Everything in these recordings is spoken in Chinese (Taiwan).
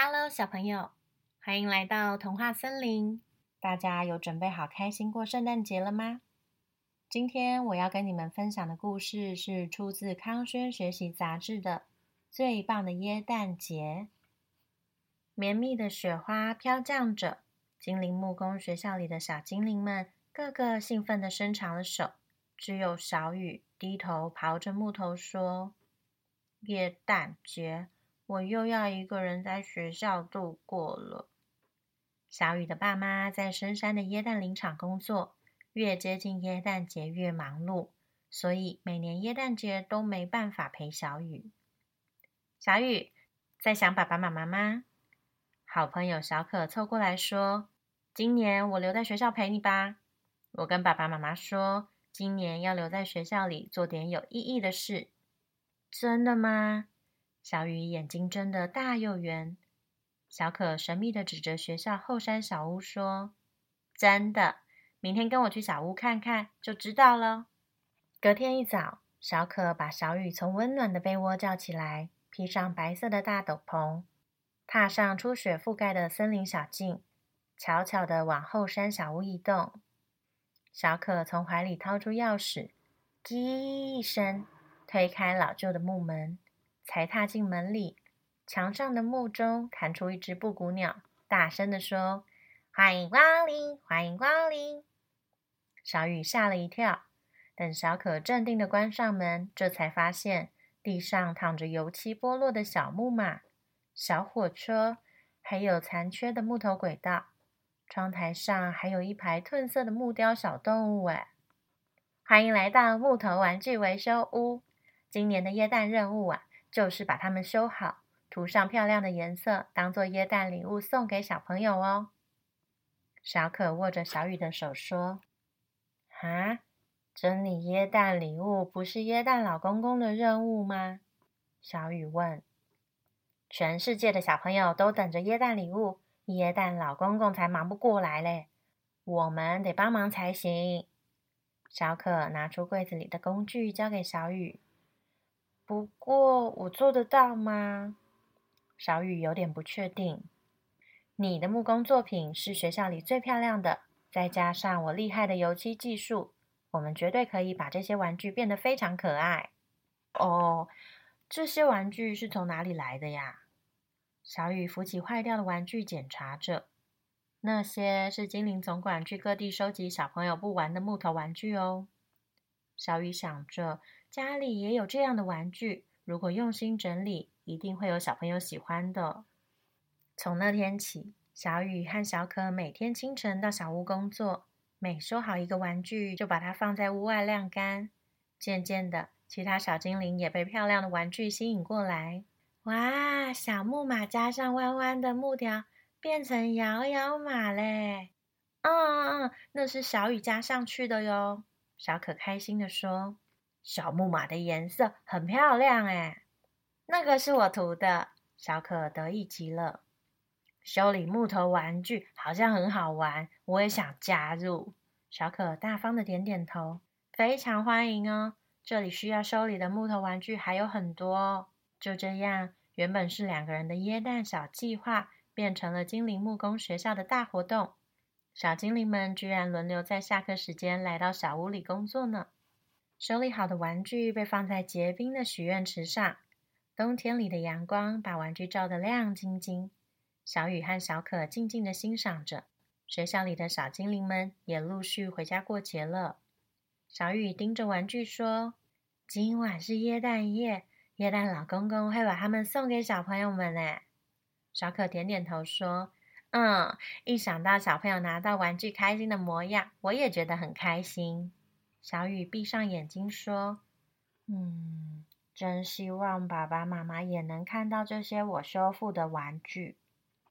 Hello，小朋友，歡迎來到童話森林。大家有準備好開心過聖誕節了嗎？今天我要跟你們分享的故事是出自康軒學習雜誌的《最棒的耶誕節》。綿密的雪花飄降着，精靈木工學校裡的小精靈們個個興奮地伸長了手，只有小雨低頭刨着木頭說：“耶誕節。”我又要一個人在學校度過了。小雨的爸媽在深山的耶誕林場工作，越接近耶誕節越忙碌，所以每年耶誕節都沒辦法陪小雨。小雨在想爸爸媽媽嗎？好朋友小可湊過來說：“今年我留在學校陪你吧。”我跟爸爸媽媽說：“今年要留在學校裡做點有意義的事。”真的嗎？小雨眼睛睜得大又圓，小可神秘的指着學校後山小屋說：“真的，明天跟我去小屋看看，就知道了。”隔天一早，小可把小雨從溫暖的被窩叫起來，披上白色的大斗篷，踏上初雪覆蓋的森林小徑，悄悄的往後山小屋移動。小可從懷裡掏出鑰匙，嘀一聲，推開老舊的木門。才踏進門裡，牆上的木鐘彈出一隻布谷鳥，大聲的說：“歡迎光臨，歡迎光臨。”小雨嚇了一跳，等小可鎮定的關上門，這才發現地上躺着油漆剝落的小木馬、小火車，還有殘缺的木頭軌道。窗台上還有一排褪色的木雕小動物。啊，哎，歡迎來到木頭玩具維修屋。今年的耶誕任務啊，就是把它們修好，塗上漂亮的顏色，當做耶誕禮物送給小朋友哦。小可握着小雨的手說：“啊，整理耶誕禮物不是耶誕老公公的任務嗎？”小雨問。“全世界的小朋友都等着耶誕禮物，耶誕老公公才忙不過來嘞，我們得幫忙才行。”小可拿出櫃子裡的工具，交給小雨。不過我做得到嗎？小雨有點不確定。你的木工作品是學校裡最漂亮的，再加上我厲害的油漆技術，我們絕對可以把這些玩具變得非常可愛。哦，這些玩具是從哪裡來的呀？小雨扶起壞掉的玩具，檢查着。那些是精靈總管去各地收集小朋友不玩的木頭玩具哦。小雨想着。家裡也有這樣的玩具，如果用心整理，一定會有小朋友喜歡的哦。從那天起，小雨和小可每天清晨到小屋工作，每收好一個玩具，就把它放在屋外晾乾。漸漸的，其他小精靈也被漂亮的玩具吸引過來。哇，小木馬加上彎彎的木條，變成搖搖馬嘞！嗯嗯嗯，那是小雨加上去的喲。小可開心地說。小木馬的顏色很漂亮哎，那個是我塗的。小可得意極了。修理木頭玩具好像很好玩，我也想加入。小可大方的點點頭，非常歡迎哦。這裡需要修理的木頭玩具還有很多哦。就這樣，原本是兩個人的耶誕小計劃，變成了精靈木工學校的大活動。小精靈們居然輪流在下課時間來到小屋裡工作呢。整理好的玩具被放在結冰的許願池上，冬天裡的陽光把玩具照得亮晶晶。小雨和小可靜靜的欣賞着，學校裡的小精靈們也陸續回家過節了。小雨盯着玩具說：“今晚是耶誕夜，耶誕老公公會把它們送給小朋友們嘞。”小可點點頭說：“嗯，一想到小朋友拿到玩具開心的模樣，我也覺得很開心。”小雨閉上眼睛說：“嗯，真希望爸爸媽媽也能看到這些我修復的玩具。”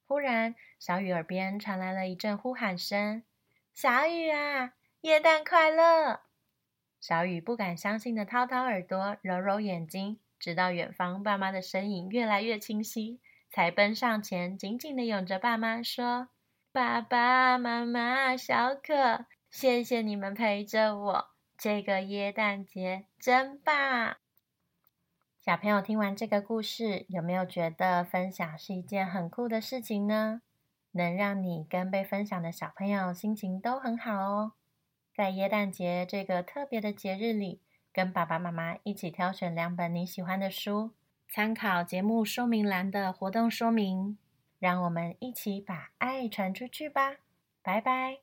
忽然，小雨耳邊傳來了一陣呼喊聲：“小雨啊，耶誕快樂！”小雨不敢相信的掏掏耳朵，揉揉眼睛，直到遠方爸媽的身影越來越清晰，才奔上前，緊緊的擁着爸媽說：“爸爸媽媽，小可，謝謝你們陪着我。”這個耶誕節真棒！小朋友聽完這個故事，有沒有覺得分享是一件很酷的事情呢？能讓你跟被分享的小朋友心情都很好哦。在耶誕節這個特別的節日裡，跟爸爸媽媽一起挑選兩本你喜歡的書，參考節目說明欄的活動說明，讓我們一起把愛傳出去吧！拜拜。